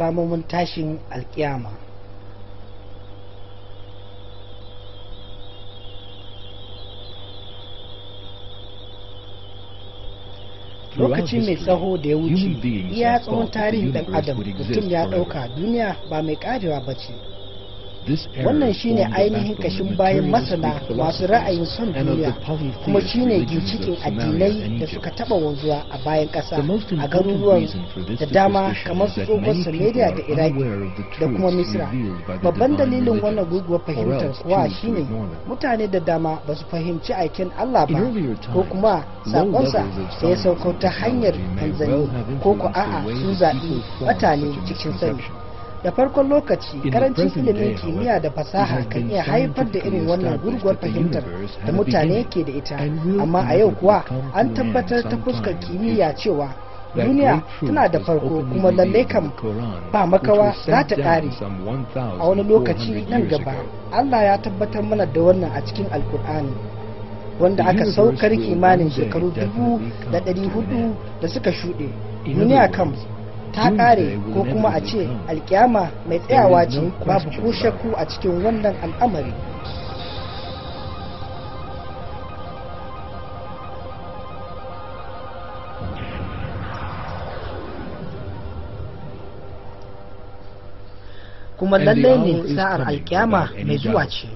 alamomin tashin alkiyama lokaci mai tsaho da ya wuce iya tsawon tarihin dan adam mutum ya dauka duniya ba mai karewa ba ce wannan shine ainihin kashin bayan masana masu ra'ayin son duniya kuma shine ginshikin addinai da suka taba wanzuwa a bayan kasa a garuruwan da dama kamar su tsohon samaria da iraki da kuma misra babban dalilin wannan guguwar fahimtar kuwa shine mutane da dama ba su fahimci aikin allah ba ko kuma sakonsa da ya sauka ta hanyar hanzari ko ku a'a sun zaɓi mutane cikin sani da farkon lokaci karancin ilimin kimiyya da fasaha kan iya haifar da irin wannan gurguwar fahimtar da mutane ke da ita amma a yau kuwa an tabbatar ta fuskar kimiyya cewa duniya tana da farko kuma lallai kam ba makawa za ta ƙare a wani lokaci nan gaba allah ya tabbatar mana da wannan a cikin alkur'ani wanda aka saukar kimanin shekaru dubu da ɗari hudu da suka shuɗe duniya kam ta kare ko kuma a ce alkiyama mai eh, tsayawa ce babu ko shakku a cikin wannan al'amari kuma lallai ne sa'ar alkiyama mai zuwa ce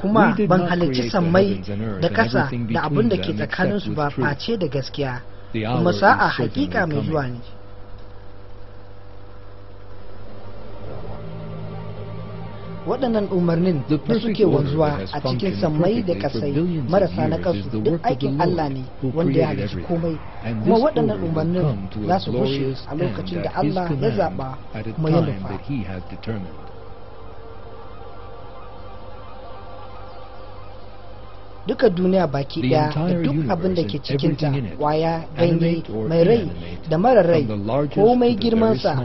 kuma ban halarci sammai da ƙasa da abin da ke su ba face da gaskiya kuma sa'a hakika mai zuwa ne waɗannan umarnin da suke wanzuwa a cikin sammai da kasai marasa na kansu duk aikin Allah ne wanda ya halicci komai kuma waɗannan umarnin za su bushe a lokacin da Allah ya zaɓa kuma ya nufa duka duniya baki daya da duk abin da ke cikinta waya ganye mai rai da mara rai ko mai girmansa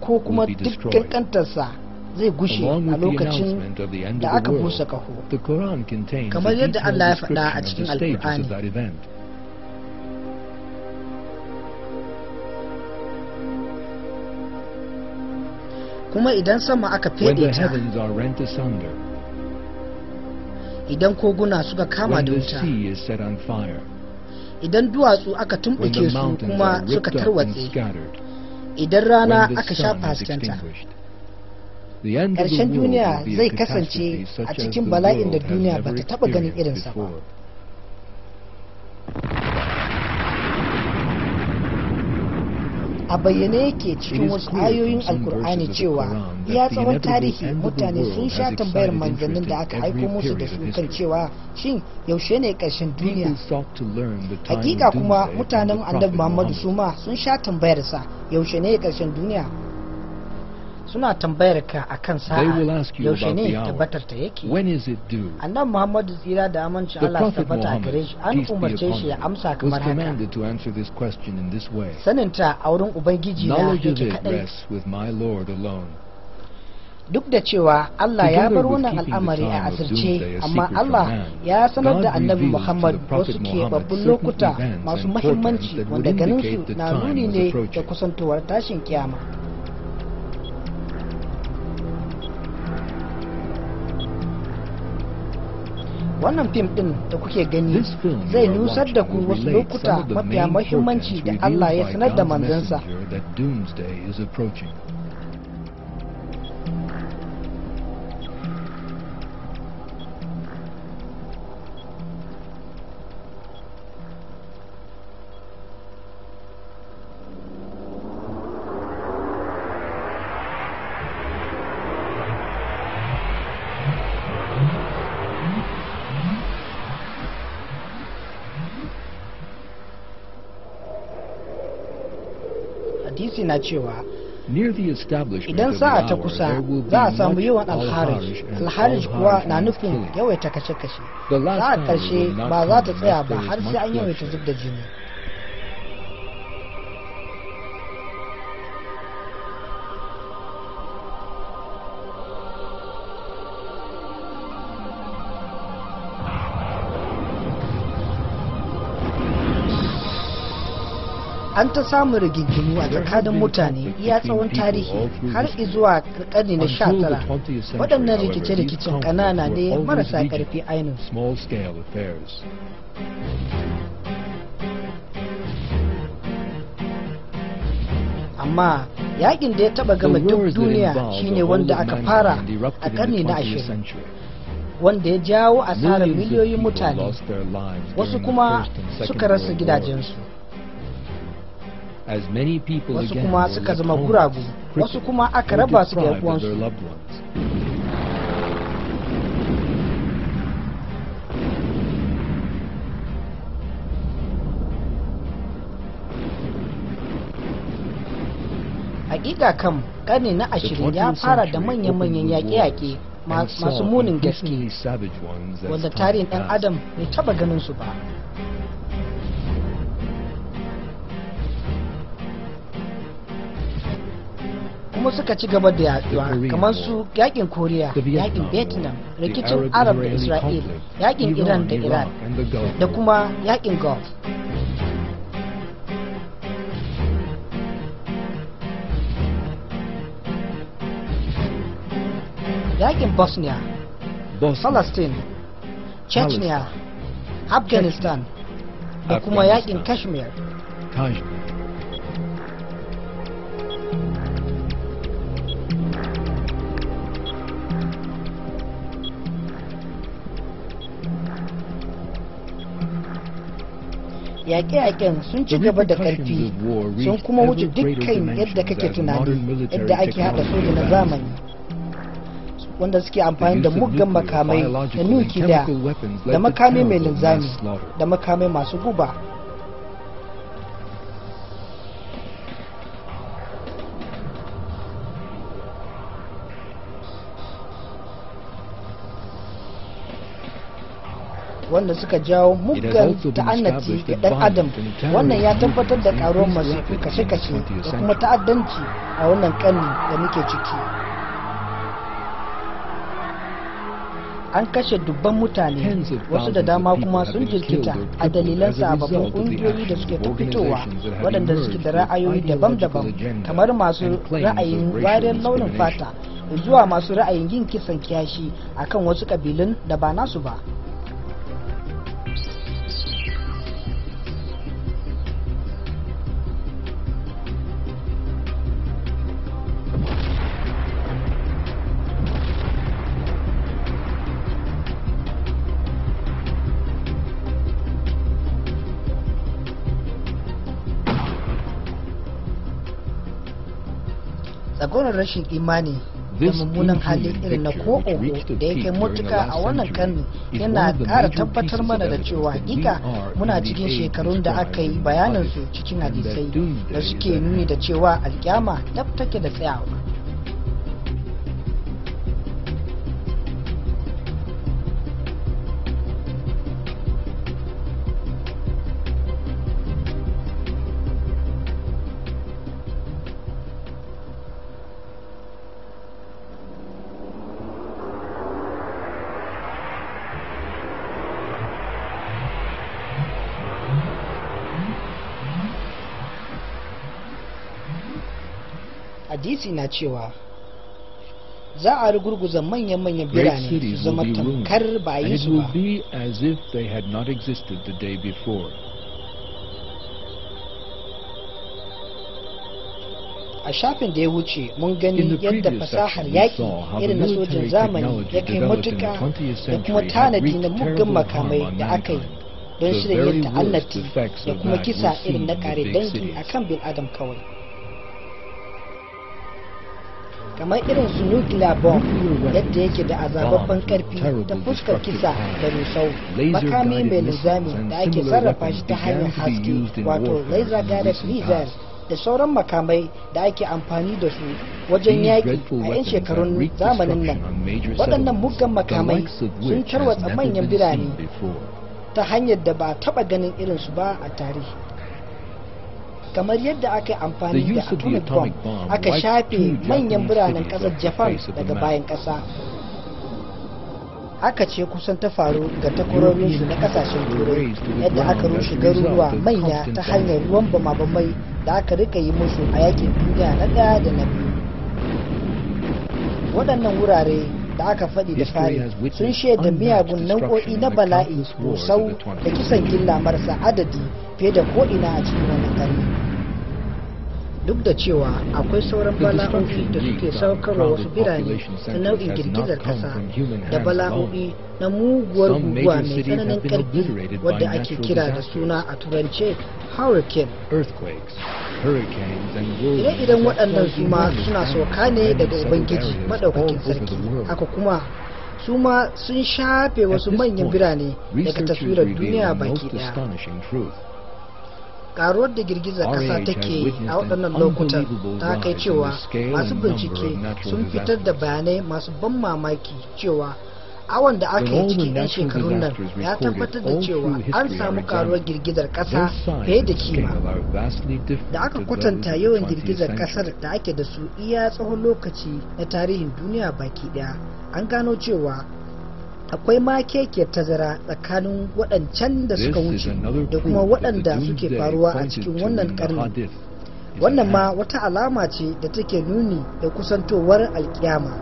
ko kuma duk kankantarsa zai gushe a lokacin da aka busa kaho kamar yadda Allah ya faɗa a cikin alƙur'ani. kuma idan sama aka fede ta idan koguna suka kama da wuta idan duwatsu aka tumɓuke su kuma suka tarwatse idan rana aka sha haskenta ƙarshen duniya zai kasance a cikin bala'in da duniya ba ta taɓa ganin irinsa ba a bayyane yake cikin wasu ayoyin alkur'ani cewa ya tsawon tarihi mutane sun sha tambayar manzannin da aka haiko musu da su kan cewa shin yaushe ne ƙarshen duniya hakika kuma mutanen annabi muhammadu suma sun sha tambayarsa yaushe ne karshen duniya suna tambayar ka kan sa'a yaushe ne tabbatar ta yake annan muhammadu tsira da amincin allah su tabbata a gare shi an umarce shi ya amsa kamar haka saninta a wurin ubangiji na yake kadai duk da cewa Allah ya bar wannan al'amari a asirce amma Allah ya sanar da annabi Muhammad wasu babban lokuta masu mahimmanci wanda ganin su na nuni ne da kusantowar tashin kiyama. wannan fim din da kuke gani zai nusar da ku wasu lokuta mafiya mahimmanci da Allah ya sanar da manzansa hadisi na cewa idan sa'a ta kusa za a samu yawan alharij alharij kuwa na nufin yawaita kashe-kashe sa'a ƙarshe ba za ta tsaya ba har sai an yawaita zub da jini an ta samu rigingimu a tsakanin mutane iya tsawon tarihi har zuwa karni na sha tara waɗannan rikice-rikicen ƙanana ne marasa ƙarfi ainihin amma yakin da ya taɓa gama duk duniya shine wanda aka fara a karni na ashirin wanda ya jawo asarar miliyoyin mutane wasu kuma suka rasa gidajensu wasu kuma suka zama guragu wasu kuma aka raba su da uwansu hakika kam karni na ashirin ya fara da manyan-manyan yaƙe-yaƙe masu munin gaske wanda tarihin ɗan adam bai taba ganin su ba kuma suka ci gaba da yaduwa kamar su yakin koriya yakin vietnam rikicin arab da isra'il yakin iran da iran da kuma yakin gulf yakin bosnia palestine chechnya afghanistan da kuma yakin kashmir yaƙe-yaƙen sun ci gaba da ƙarfi sun kuma wuce dukkan yadda kake tunani yadda ake haɗa soja na zamani wanda suke amfani da muggan makamai da nukiliya da makamai mai linzami da makamai masu guba wanda suka jawo muggan ta'annaci ga dan adam wannan ya tabbatar da karuwar masu kashe-kashe da kuma ta'addanci a wannan kanni da muke ciki an kashe dubban mutane wasu da dama kuma sun jirkita a dalilan sababbin kungiyoyi da suke ta fitowa waɗanda suke da ra'ayoyi daban-daban kamar masu ra'ayin wariyar launin fata zuwa masu ra'ayin yin kisan kiyashi akan wasu kabilun da ba nasu ba tsabar rashin imani da mummunan hali irin na ko oko da yake mutuka a wannan karni yana kara tabbatar mana da cewa hakika muna cikin shekarun da aka yi bayanin su cikin hadisai da suke nuni da cewa alkyama ya take da tsayawa hadisi na cewa za a rugurguza manyan-manyan birane su zama tamkar ba su ba a shafin da ya wuce mun gani yadda fasahar yaki irin na sojin zamani ya kai matuka da kuma tanadi na muggan makamai da aka yi don shirin yadda ta'allati da kuma kisa irin na kare dangi kan bil adam kawai kamar irin su nuclear bomb yadda yake da azababban karfi ta fuskar kisa da rusau makami mai linzami da ake sarrafa shi ta hanyar haske wato laser guided missiles da sauran makamai da ake amfani da su wajen yaƙi a 'yan shekarun zamanin nan waɗannan muggan makamai sun tarwatsa manyan birane ta hanyar da ba taɓa ganin irinsu ba a tarihi kamar yadda aka yi amfani da atomic bomb aka shafe manyan biranen kasar japan daga bayan kasa aka ce kusan ta faru ga takwarorinsu na kasashen turai yadda aka rushe garuruwa manya ta hanyar ruwan bama da aka rika yi musu a yakin duniya na daya da na biyu waɗannan wurare da aka faɗi da fari sun shaida miyagun nau'o'i na bala'i sau da kisan gilla marasa adadi fiye da ko'ina a cikin wannan ƙarni duk da cewa akwai sauran bala'o'i da suke saukarwa wasu birane ta nau'in girgizar kasa da bala'o'i na muguwar guguwa mai tsananin karfi wadda ake kira da suna a turance hurricane ire idan waɗannan su ma suna sauka ne daga ubangiji maɗaukakin sarki haka kuma su ma sun shafe wasu manyan birane daga taswirar duniya baki ɗaya karuwar da girgizar kasa take a waɗannan lokutan ta kai cewa masu bincike sun fitar da bayanai masu ban mamaki cewa awon da aka yi cikin 'yan shekarun nan ya tabbatar da cewa an samu karuwar girgizar kasa fiye da kima da aka kwatanta yawan girgizar kasar da ake da su iya tsawon lokaci na tarihin duniya baki daya an gano cewa akwai ma keke tazara tsakanin waɗancan da suka wuce da kuma waɗanda suke faruwa a cikin wannan ƙarni wannan ma wata alama ce da take nuni da kusantowar alƙiyama.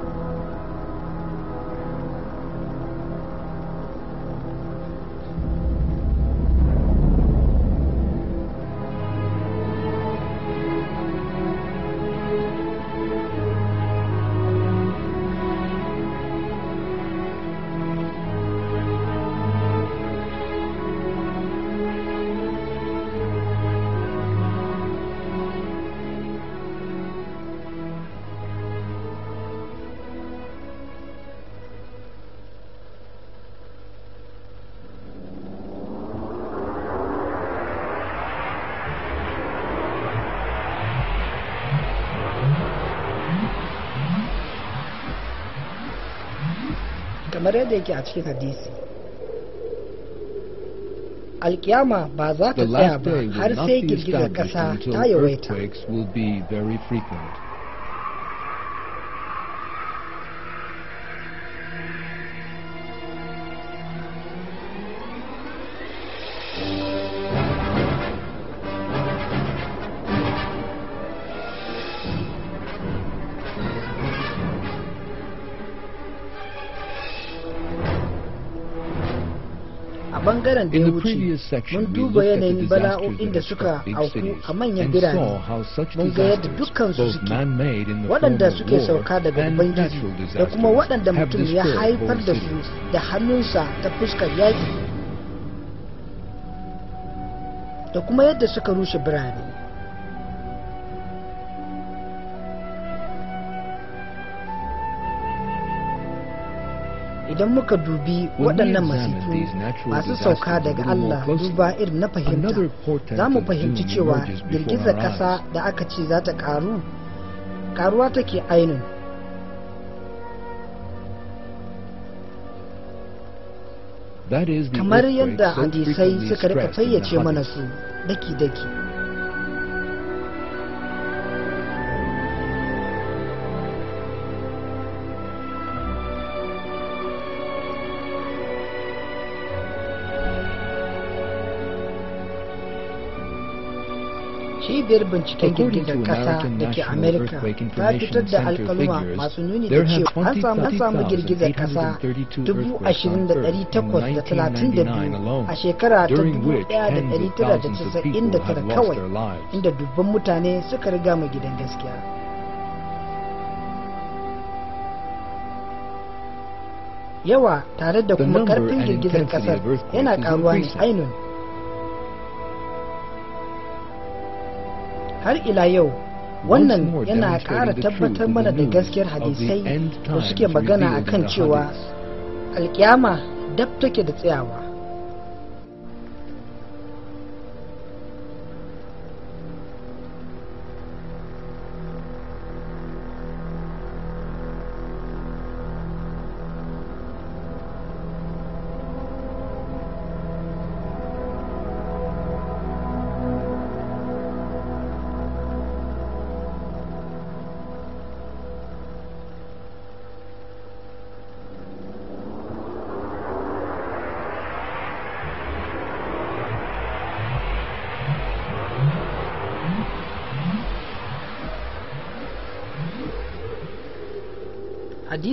kamar yadda yake a cikin hadisi alkiyama ba za ta tsaya ba har sai girgizar ƙasa ta yawaita makon da ya wuce mun duba yanayin bala'o'in da suka auku a manyan birane mun ga yadda dukkan su suke waɗanda suke sauka daga ubangiji da kuma waɗanda mutum ya haifar da su da hannunsa ta fuskar yaƙi da kuma yadda suka rushe birane idan muka dubi waɗannan masifu masu sauka daga Allah duba irin na fahimta za mu fahimci cewa girgizar ƙasa da aka ce za ta ƙaru ƙaruwa take ainihin kamar yadda hadisai suka rika fayyace mana su daki-daki cibiyar binciken girgizar kasa da ke amerika ta fitar da alkaluma masu nuni da cewa an samu an girgizar kasa 20,832 a shekara ta 1999 kawai inda dubban mutane suka riga mu gidan gaskiya yawa tare da kuma karfin girgizar kasar yana karuwa ne ainihin har ila yau wannan yana ƙara tabbatar mana da gaskiyar hadisai da suke magana akan cewa alkiyama dab take da tsayawa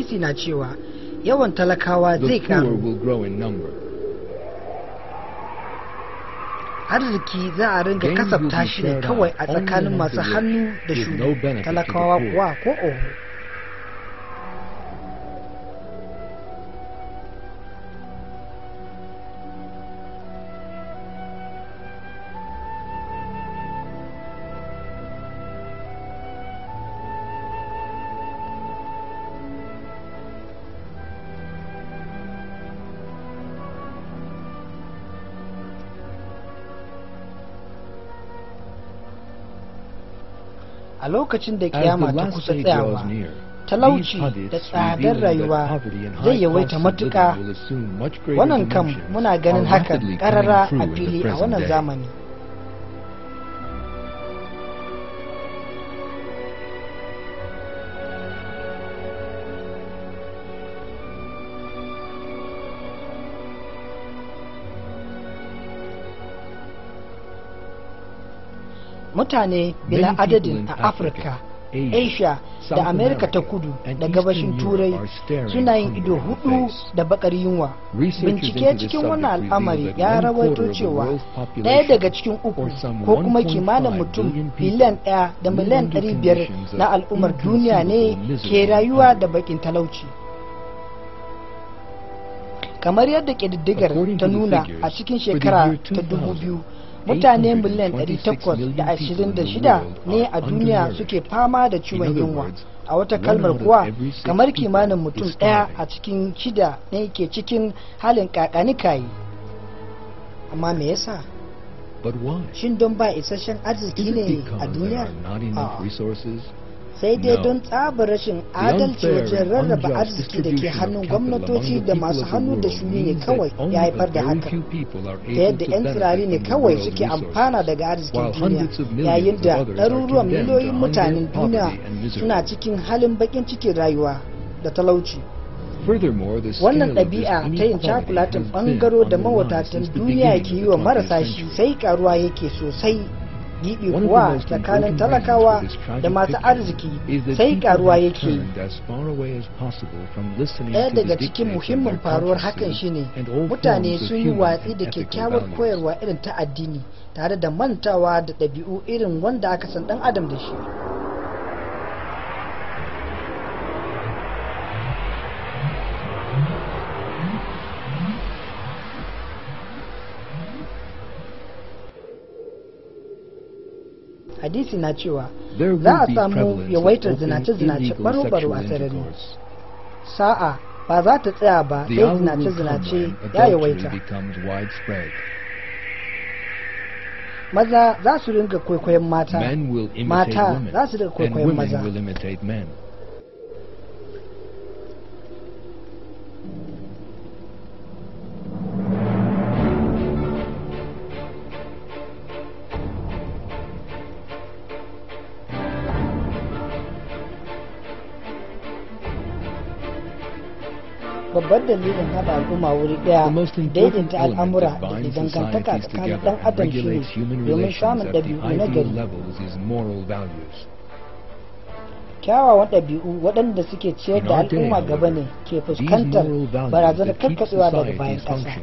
hadisi na cewa yawan talakawa zai karu arziki za a ringa kasafta shi ne kawai a tsakanin masu hannu da shugaba talakawa kuwa ko oho a lokacin da kiyama ta kusa tsayawa talauci da tsadar rayuwa zai yawaita matuka wannan kam muna ganin hakan karara a fili a wannan zamani mutane bila adadin a afirka asia da amerika ta kudu da gabashin turai suna yin ido hudu da bakar yunwa bincike cikin wannan al'amari ya rawaito cewa daya daga cikin uku ko kuma kimanin mutum biliyan daya da miliyan dari biyar na al'ummar duniya ne ke rayuwa da bakin talauci kamar yadda kididdigar ta nuna a cikin shekara ta dubu biyu. mutane miliyan 826 ne a duniya suke fama da ciwon yunwa a wata kalmar kuwa kamar kimanin mutum ɗaya a cikin shida ne ke cikin halin kayi amma me yasa shin don ba isasshen arziki ne a duniya sai dai don tsabar rashin adalci wajen rarraba arziki da ke hannun gwamnatoci da masu hannu da shuni ne kawai ya haifar da haka ta yadda 'yan turare ne kawai suke amfana daga arzikin duniya yayin da ɗaruruwan miliyoyin mutanen duniya suna cikin halin bakin cikin rayuwa da talauci wannan ɗabi'a ta yin cakulatin ɓangaro da mawadatan duniya ke yi wa marasa shi sai karuwa yake sosai gibi kuwa tsakanin talakawa da masu arziki sai karuwa yake ɗaya daga cikin muhimmin faruwar hakan shine mutane sun yi watsi da kyakkyawar koyarwa irin ta addini tare da mantawa da ɗabi'u irin wanda aka san ɗan adam da shi hadisi na cewa za a samu yawaitar zinace-zinace baro-baro a sarari sa'a ba za ta tsaya ba sai zinace-zinace ya yawaita maza za su ringa kwaikwayon mata mata za su ringa kwaikwayon maza babban dalilin haɗa al'umma wuri ɗaya daidaita al'amura da ke dangantaka tsakanin ɗan adam shi domin samun ɗabi'u na gari kyawawan ɗabi'u waɗanda suke ciyar da al'umma gaba ne ke fuskantar barazanar karkatsewa daga bayan ƙasa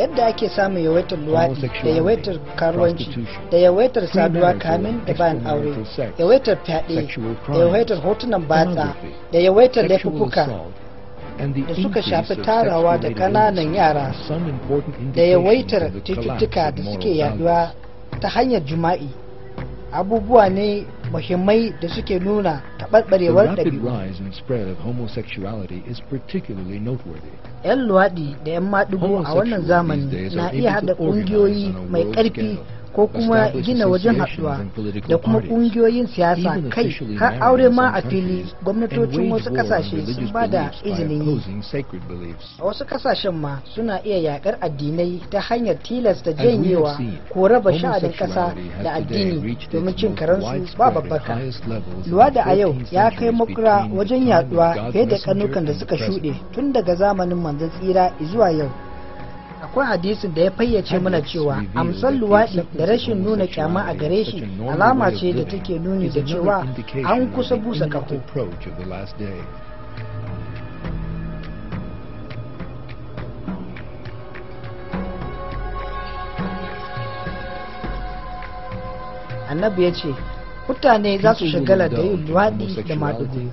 yadda ake samun yawaitar luwaɗi da yawaitar karuwanci da yawaitar saduwa kamin da bayan aure yawaitar fyaɗe da yawaitar hotunan batsa da yawaitar laifuka da suka shafi tarawa da kananan yara da yawaitar cututtuka da suke yaduwa ta hanyar jima'i abubuwa ne muhimmai da suke nuna taɓarɓarewar ɗabi'u. 'Yan luwaɗi da 'yan maɗigo a wannan zamani na iya haɗa ƙungiyoyi mai ƙarfi ko kuma gina wajen haɗuwa da kuma ƙungiyoyin siyasa kai har aure ma a fili gwamnatocin wasu ƙasashe sun ba da izinin yi a wasu ƙasashen ma suna iya yaƙar addinai ta hanyar tilasta janyewa ko raba sha'anin ƙasa da addini domin cin karansu ba babbaka luwada a yau ya kai makura wajen yaɗuwa fiye da ƙanukan da suka shuɗe tun daga zamanin manzon tsira zuwa yau akwai hadisin da ya fayyace mana cewa amsar luwaɗi da rashin nuna kyama a gare shi alama ce da take nuni da cewa an kusa busa kaho annabi ya ce mutane za su shagala da yin luwaɗi da maɗugo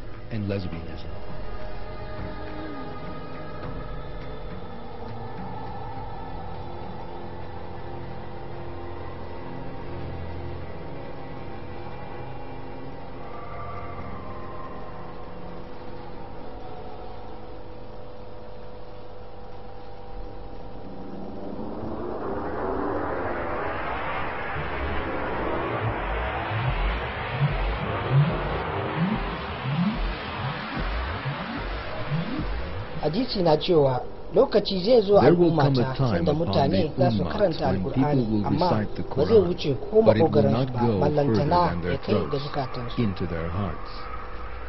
tabbacin na cewa lokaci zai zo al'umma ta sanda mutane za su karanta alkur'ani amma ba zai wuce ko su ba ballantana ya kai da zukatansu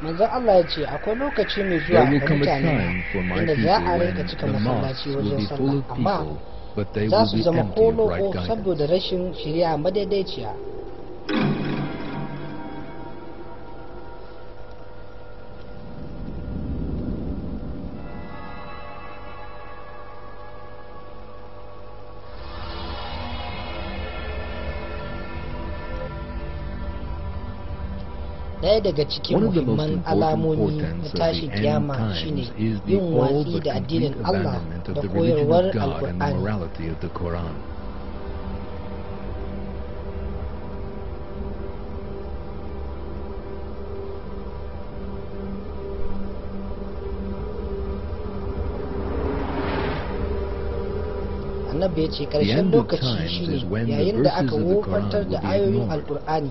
manzon Allah ya ce akwai lokaci mai zuwa ga mutane inda za a rika cika masallaci wajen sallah amma za su zama ko saboda rashin shirya madaidaiciya daya daga cikin muhimman alamomi na tashin kiyama shine yin watsi da addinin Allah da koyarwar alkur'ani bai ce ƙarshen shi ne yayin da aka wofantar da ayoyin alkur'ani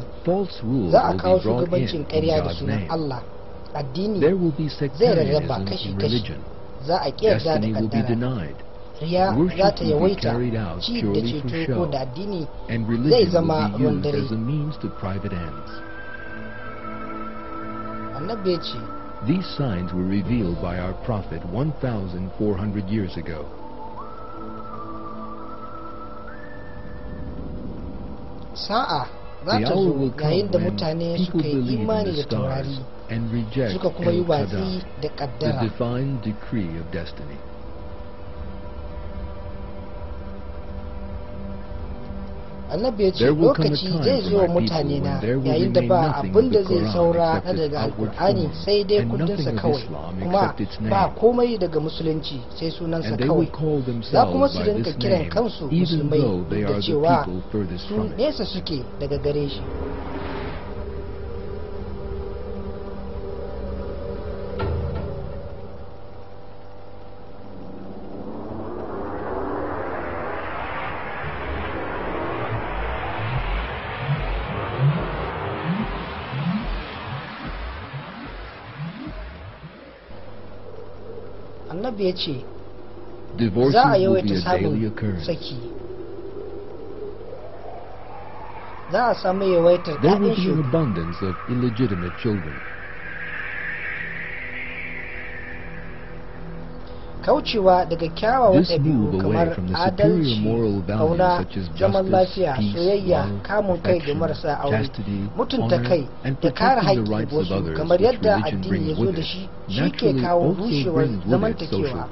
za a kawo shugabancin ƙarya da sunan allah addini zai rarraba kashi-kashi za a ƙiyarda da kaddara riya za ta yawaita ci da ceto ko da addini zai zama ruwan annabi ya ce These signs were revealed by our prophet 1,400 years ago. sa'a za ta zo yayin da mutane suka yi imani da taurari suka kuma yi watsi da kaddara annabi ya ce lokaci zai zo wa mutane na yayin da ba abin da zai saura na daga alkur'ani sai dai kundinsa kawai kuma ba komai daga musulunci sai sunansa kawai za kuma su dinka kiran kansu musulmai da cewa su nesa suke daga gare shi saber ti. Divorce will be a daily occurrence. There will be an abundance of illegitimate children. kaucewa daga kyawawan ɗabi'u kamar adalci kauna zaman lafiya soyayya kamun kai da marasa aure mutunta kai da kare haƙƙin wasu kamar yadda addini ya zo da shi shi ke kawo rushewar zamantakewa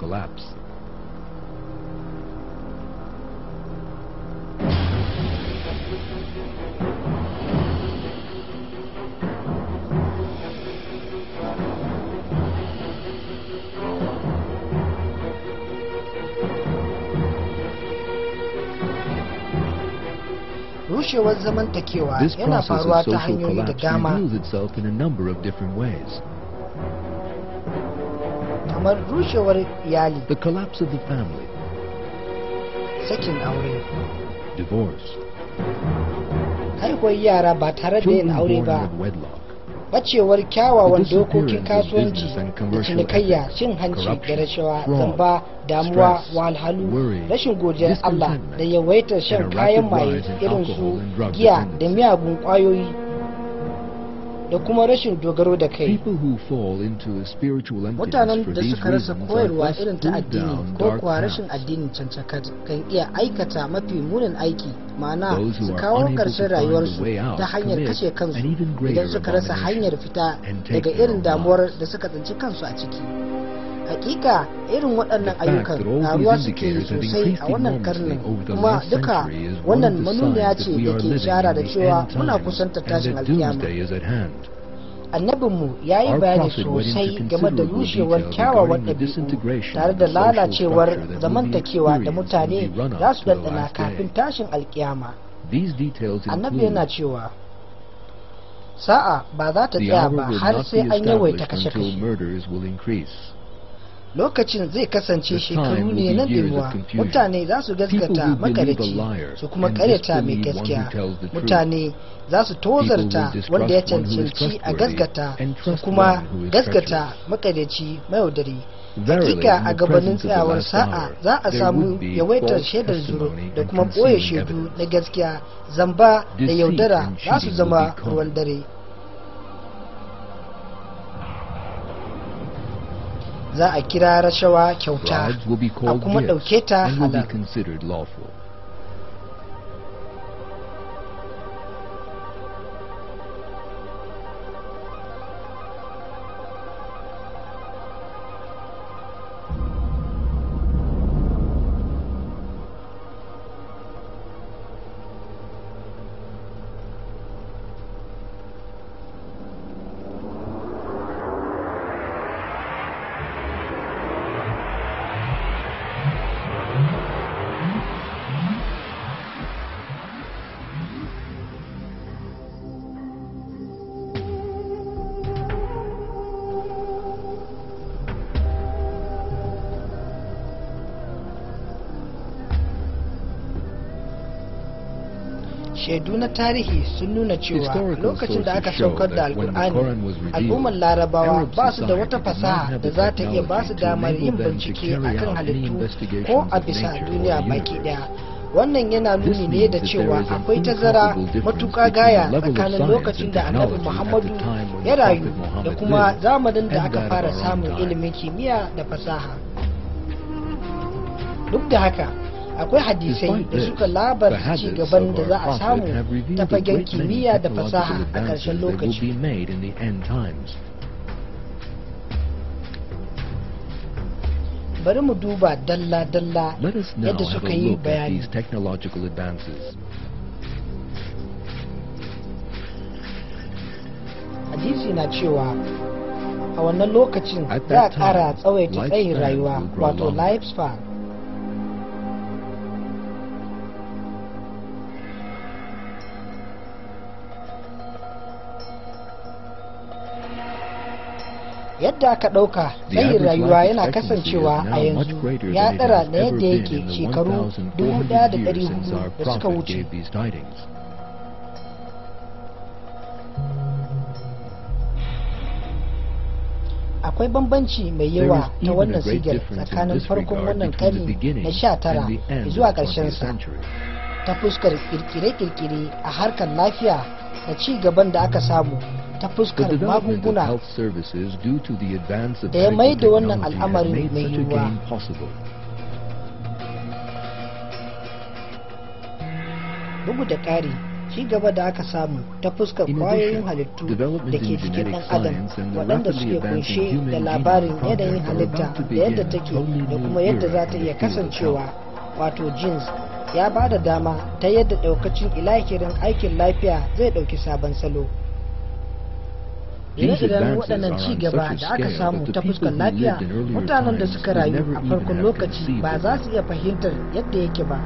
rushewar zamantakewa yana faruwa ta hanyoyi da dama kamar rushewar iyali the collapse of the family sakin aure divorce haihuwar yara ba tare da yin aure ba bacewar kyawawan dokokin kasuwanci da cinikayya cin hanci da rashawa zamba damuwa wahalhalu rashin godiyar allah da yawaitar shan kayan maye irin su giya da miyagun kwayoyi da kuma rashin dogaro da kai mutanen da suka rasa koyarwa irin ta addini ko kuwa rashin addini cancakat kan iya aikata mafi munin aiki ma'ana su kawo ƙarshen rayuwarsu ta hanyar kashe kansu idan suka rasa hanyar fita daga irin damuwar da suka tsinci kansu a ciki hakika irin waɗannan ayyukan ruwa suke sosai a wannan karnin kuma duka wannan manuniya ce da ke shara da cewa muna kusanta tashin alkiyama annabinmu ya yi bayani sosai game da rushewar kyawawan ɗabi'u tare da lalacewar zamantakewa da mutane za su ɗanɗana kafin tashin alkiyama annabi yana cewa sa'a ba za ta tsaya ba har sai an yawaita kashe-kashe lokacin zai kasance shekaru ne na dimuwa mutane za su gaskata makarici su kuma karyata mai gaskiya mutane za su tozarta wanda ya cancanci a gaskata su kuma gaskata makarici mayaudari hakika a gabanin tsayawar sa'a za a samu yawaitar shaidar zuru da kuma ɓoye shaidu na gaskiya zamba da yaudara za su zama ruwan dare za a kira rashawa kyauta a kuma ɗauke ta hada. shaidu na tarihi sun nuna cewa lokacin da aka saukar da alkur'ani al'ummar larabawa ba su da wata fasaha da za ta iya ba su damar yin bincike a kan halittu ko a bisa duniya baki daya wannan yana nuni ne da cewa akwai tazara matuƙa gaya tsakanin lokacin da annabi muhammadu ya rayu da kuma zamanin da aka fara samun ilimin kimiyya da fasaha duk da haka akwai hadisai da suka labar ci gaban da za a samu ta fagen kimiyya da fasaha a ƙarshen lokaci bari mu duba dalla-dalla yadda suka yi bayani hadisi na cewa a wannan lokacin za a ƙara tsawaita tsayin rayuwa wato lifespan yadda aka ɗauka tsayin rayuwa yana kasancewa a yanzu ya ɗara na yadda yake shekaru 1,400 da suka wuce akwai bambanci mai yawa ta wannan sigar tsakanin farkon wannan kari na sha tara zuwa karshen sa ta fuskar kirkire-kirkire a harkar lafiya da ci gaban da aka samu ta fuskar magunguna da ya eh, mai da wannan al'amarin mai yiwuwa bugu da ƙari ci gaba da aka samu ta fuskar kwayoyin halittu da ke cikin ɗan adam waɗanda suke kunshe da labarin yanayin halitta da yadda take da kuma yadda za ta iya kasancewa wato jeans ya ba da dama ta yadda ɗaukacin ilahirin aikin lafiya zai ɗauki sabon salo. ire-iren waɗannan ci gaba da aka samu ta fuskar lafiya mutanen da suka rayu a farkon lokaci ba za su iya fahimtar yadda yake ba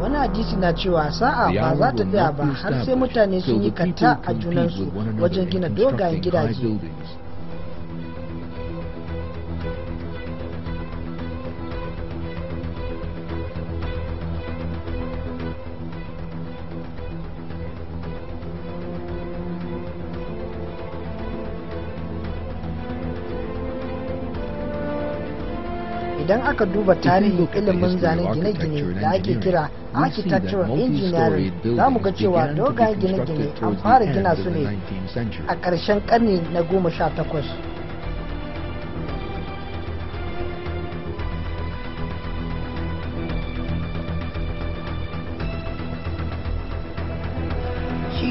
wani hadisi na cewa sa'a ba za ta tsaya ba har sai mutane sun yi kanta a junansu wajen gina dogayen gidaje idan aka duba tarihin ilimin zane gine-gine da ake kira architectural engineering za mu ga cewa dogayen gine-gine an fara gina su ne a ƙarshen ƙarni na goma sha takwas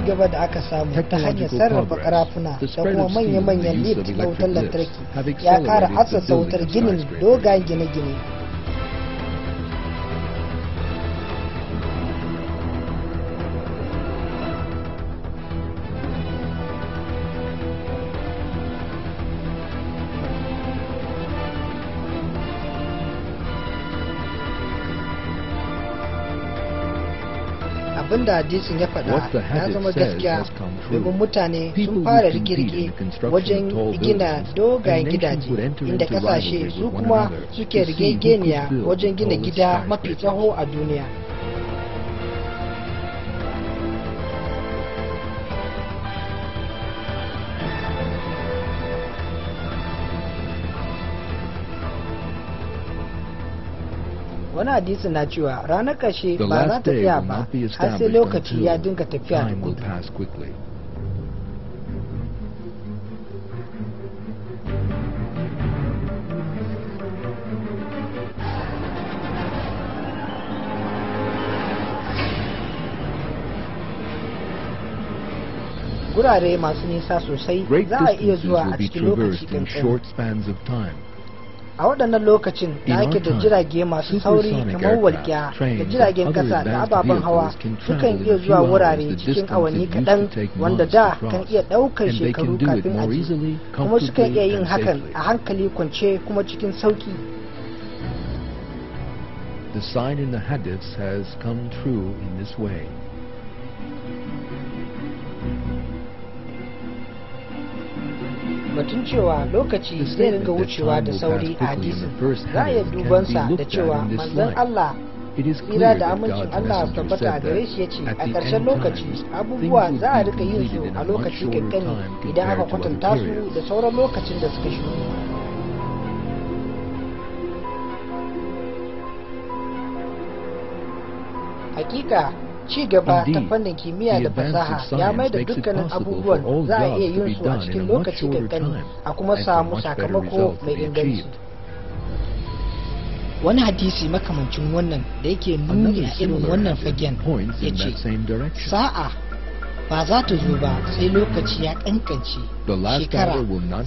gaba da aka samu ta hanyar sarrafa karafuna da kuma manya-manyan lit na wutar lantarki ya kara asasautar wutar ginin dogayen gine-gine abin da hadisin ya faɗa ya zama gaskiya domin mutane sun fara rike-rike wajen gina dogayen gidaje inda kasashe su kuma suke rigegeniya wajen gina gida mafi tsaho a duniya wani hadisi na cewa ranar ƙarshe ba za time will ba har sai lokaci ya dinga tafiya da gudu gurare masu nisa sosai za a iya zuwa a cikin lokaci ƙanƙani a waɗannan lokacin da ake da jirage masu sauri kamar walƙiya da jiragen ƙasa da ababen hawa sukan iya zuwa wurare cikin awanni kaɗan wanda da kan iya ɗaukar shekaru kafin aji kuma sukan iya yin hakan a hankali kwance kuma cikin sauki The sign in the hadiths has come true in this way. batun cewa lokaci zai ringa wucewa da sauri a hadisin za a dubansa da cewa manzon Allah tsira da amincin Allah tabbata a gare shi ya ce a ƙarshen lokaci abubuwa za a rika yin su a lokaci kankani idan aka kwatanta su da sauran lokacin da suka shuɗe. hakika ci gaba ta fannin kimiyya da fasaha ya mai da dukkanin abubuwan za a iya yin su a cikin lokaci kankani a kuma samu sakamako mai inganci wani hadisi makamancin wannan da yake nuni a irin wannan fagen ya ce sa'a ba za ta zo ba sai lokaci ya kankance shekara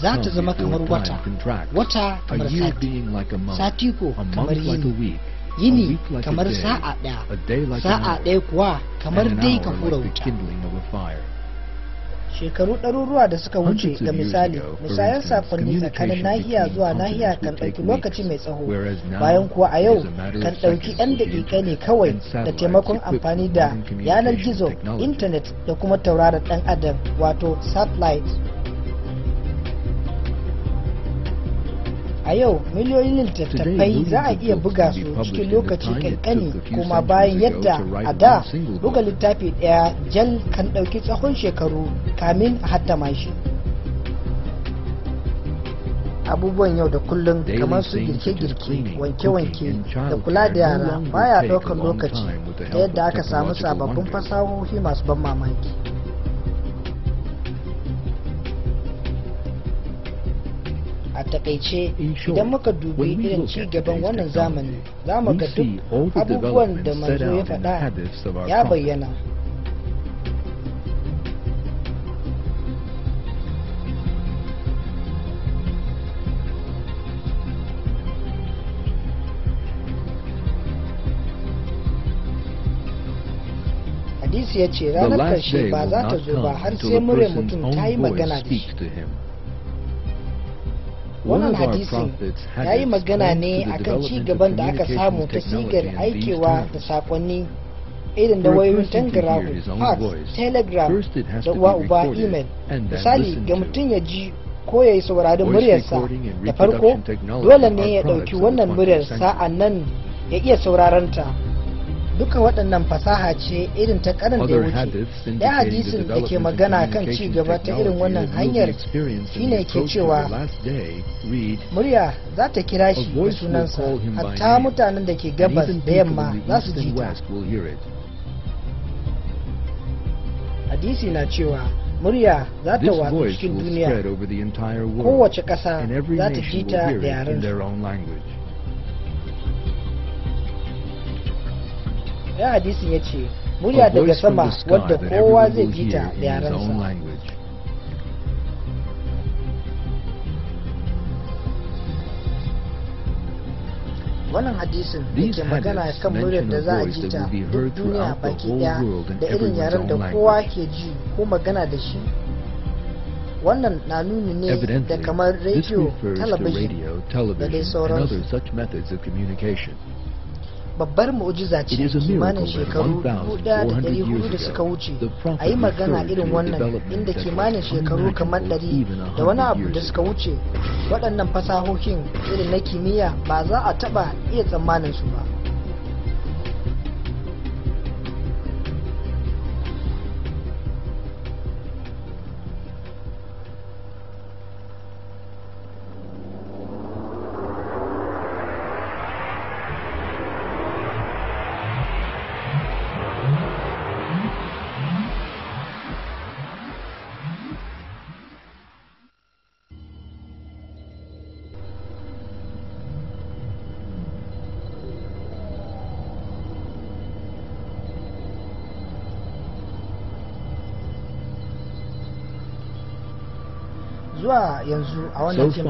za ta zama kamar wata wata kamar sati sati ko kamar yini yini kamar sa'a ɗaya sa'a ɗaya kuwa kamar dai ka fura wuta shekaru ɗaruruwa da suka wuce da misali misayan sakonni tsakanin nahiya zuwa nahiya kan ɗauki lokaci mai tsawo bayan kuwa a yau kan ɗauki 'yan daƙiƙa ne kawai da taimakon amfani da yanar gizo intanet da kuma tauraron ɗan adam wato satellite a yau miliyoyin littattafai za a iya buga su cikin lokaci kankani kuma bayan yadda a da buga littafi ɗaya jan kan ɗauki tsawon shekaru kamin a hattama shi abubuwan yau da kullum kamar su girke-girke wanke-wanke da kula da yara baya ɗaukar lokaci ta yadda aka samu sababbin fasahohi masu ban mamaki a takaice idan muka dubi irin ci gaban wannan zamani za mu ga duk abubuwan da manzo ya faɗa ya bayyana hadisi ya ce ranar karshe ba za ta zo ba har sai muryar mutum ta yi magana da shi wannan hadisin ya yi magana ne akan ci gaban da aka samu ta sigar aikewa da sakonni irin da wayoyin tangarahu fax telegram da uwa uba email misali ga mutum ya ji ko ya yi saurari muryarsa da farko dole ne ya ɗauki wannan muryar sa'an nan ya iya sauraron ta duka waɗannan fasaha ce irin ta ƙarin da wuce ɗaya hadisin da ke magana kan ci gaba ta irin wannan hanyar shine ke cewa murya za ta kira shi da sunansa hatta mutanen da ke gabas da yamma za su ji hadisi na cewa murya za ta watsa cikin duniya kowace ƙasa za ta ji ta da yaren ya hadisin ya ce murya daga sama wadda kowa zai ji ta da yaransa wannan hadisin da ke magana kan muryar da za a ji ta duk duniya baki daya da irin yaren da kowa ke ji ko magana da shi wannan na nuni ne da kamar rediyo talabijin da dai sauransu babbar mu'ujiza ce kimanin shekaru 1400 da suka wuce a yi magana irin wannan inda kimanin shekaru kamar dari da wani abu da suka wuce waɗannan fasahohin irin na kimiyya ba za a taɓa iya tsammanin su ba zuwa yanzu a wannan fim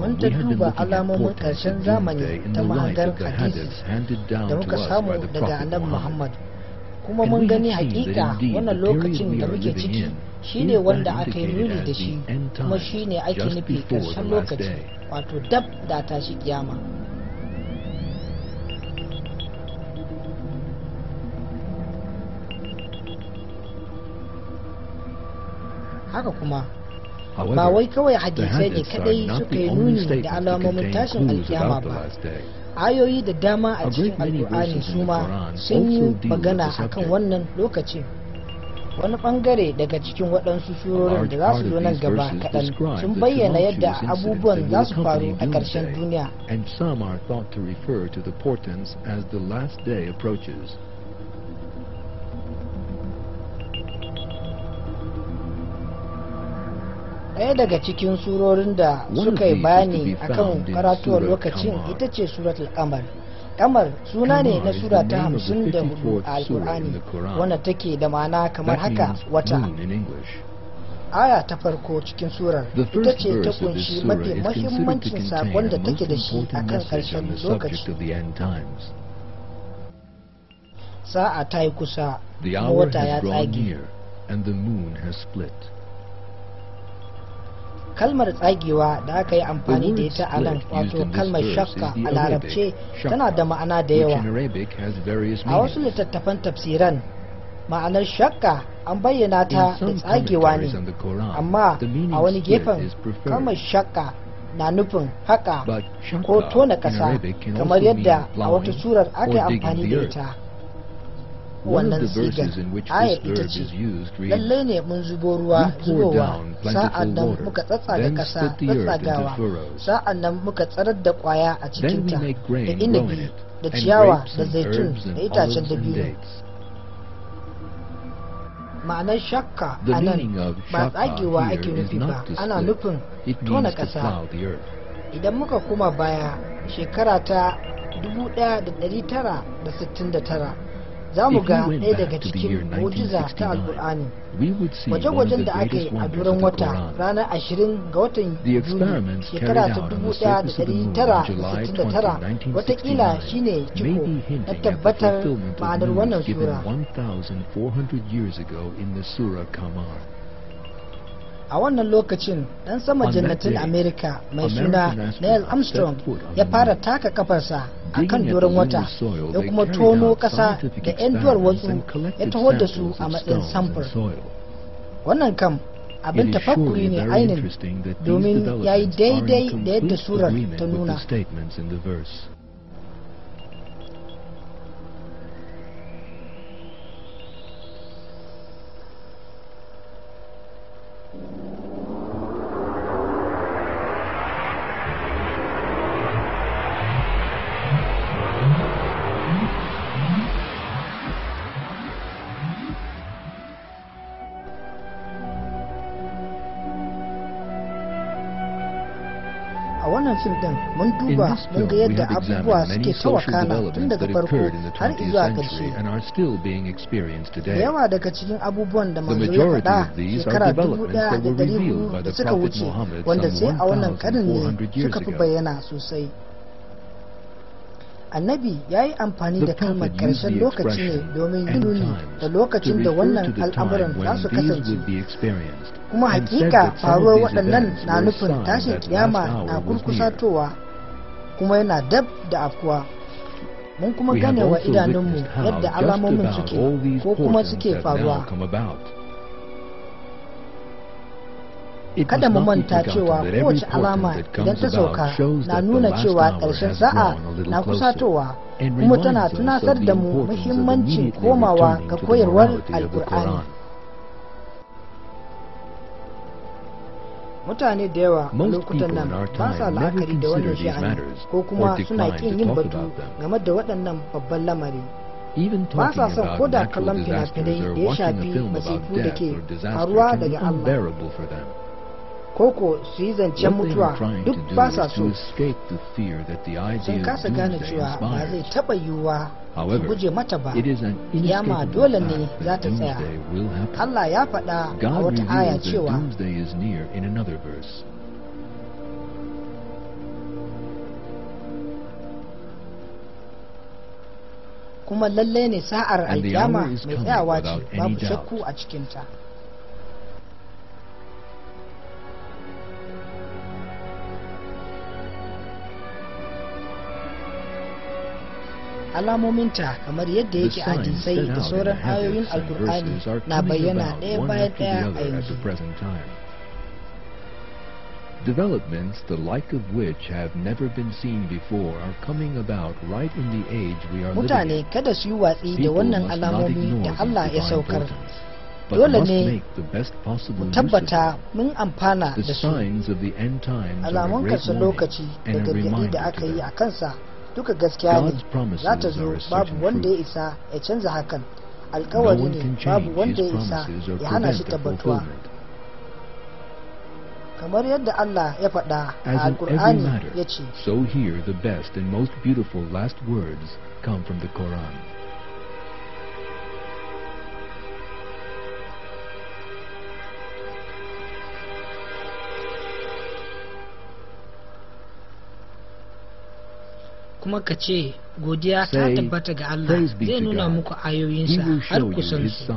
mun ta duba alamomin ƙarshen zamani ta mahangar hadis da muka samu daga annabi muhammad kuma mun gani hakika wannan lokacin da muke ciki shine wanda aka yi nuni da shi kuma shine ake nufi ƙarshen lokaci wato dab da tashi kiyama haka kuma ba wai kawai hadisai ne kadai suka yi nuni da alamomin tashin alkiyama ba ayoyi da dama a cikin alkur'ani su ma sun yi magana akan wannan lokacin wani bangare daga cikin waɗansu surorin da za su zo nan gaba kaɗan sun bayyana yadda abubuwan za su faru a ƙarshen duniya ɗaya daga cikin surorin da suka yi bayani akan karatuwar lokacin ita ce suratul kamar kamar suna ne na sura ta hamsin da hudu a alkur'ani wanda take da ma'ana kamar haka wata aya ta farko cikin surar ita ce ta kunshi mafi mahimmancin sakon da take da shi a kan karshen lokaci sa'a ta yi kusa wata ya tsage kalmar tsagewa da aka yi amfani da ita a nan wato kalmar shakka a larabce tana da ma'ana da yawa a wasu littattafan tafsiran ma'anar shakka an bayyana ta da tsagewa ne amma a wani gefen kalmar shakka na nufin haka ko tona ƙasa kamar yadda a wata surar aka yi amfani da ita wannan sigar ya ita ce lalle ne mun zubo ruwa zubowa sa'an nan muka tsatsa da ƙasa tsatsagawa sa'an nan muka tsarar da ƙwaya a cikinta da inabi da ciyawa da zaitun da itacen dabino ma'anar shakka a nan ba tsagewa ake nufi ba ana nufin tona ƙasa idan muka koma baya shekara ta 1969 za mu ga ɗaya daga cikin mujiza ta alkur'ani gwaje-gwajen da aka yi a duran wata ranar ashirin ga watan yuni shekara ta dubu da da tara sittin tara watakila shi ne ciko na tabbatar ma'anar wannan sura a wannan lokacin dan sama jannatin america mai suna neil armstrong ya fara taka kafarsa a kan doron wata ya kuma tono kasa da 'yan duwar wasu ya taho da su a matsayin samfur wannan kam abin tafakkuri ne ainihin domin ya yi daidai da yadda surar ta nuna duba mun ga yadda abubuwa suke na tun daga farko har izuwa ƙarshe da yawa daga cikin abubuwan da manzo ya faɗa shekara dubu ɗaya da ɗari hudu da suka wuce wanda sai a wannan karin ne suka fi bayyana sosai annabi ya yi amfani da kalmar karshen lokaci ne domin yin nuni da lokacin da wannan al'amuran za su kasance kuma hakika faruwar waɗannan na nufin tashin kiyama na kurkusatowa kuma yana dab da afkuwa mun kuma gane wa idanunmu yadda alamomin suke ko kuma suke faruwa kada mu manta cewa kowace alama idan ta sauka na nuna cewa ƙarshen sa'a na kusatowa kuma tana tunasar da mu muhimmancin komawa ga koyarwar alkur'ani mutane da yawa a lokutan nan ba sa la'akari da wannan sha'ani ko kuma suna kin yin batu game da waɗannan babban lamari ba sa son ko da kallon fina-finai da ya shafi masifu da ke faruwa daga Allah koko su yi zancen mutuwa duk ba sa so sun kasa gane cewa ba zai taɓa yiwuwa guje mata ba yama dole ne za ta tsaya Allah ya faɗa a wata aya cewa kuma lallai ne sa'ar alkiyama mai tsayawa ce babu shakku a cikinta alamominta kamar yadda yake a jinsai da sauran ayoyin alkur'ani na bayyana ɗaya bayan ɗaya a yanzu Developments the like of which have never been seen before are coming about right in the age we are Mutane kada su yi watsi da wannan alamomi da Allah ya saukar. Dole ne mu tabbata mun amfana da su. Alamun kansa lokaci da gargaɗi da aka yi a kansa duka gaskiya ne za ta zo babu wanda ya isa ya canza hakan alkawari ne babu wanda ya isa ya hana shi tabbatuwa kamar yadda Allah ya faɗa a alkur'ani ya ce so here the best and most beautiful last words come from the Quran kuma ka ce godiya ta tabbata ga Allah zai nuna muku ayoyinsa har kusan su.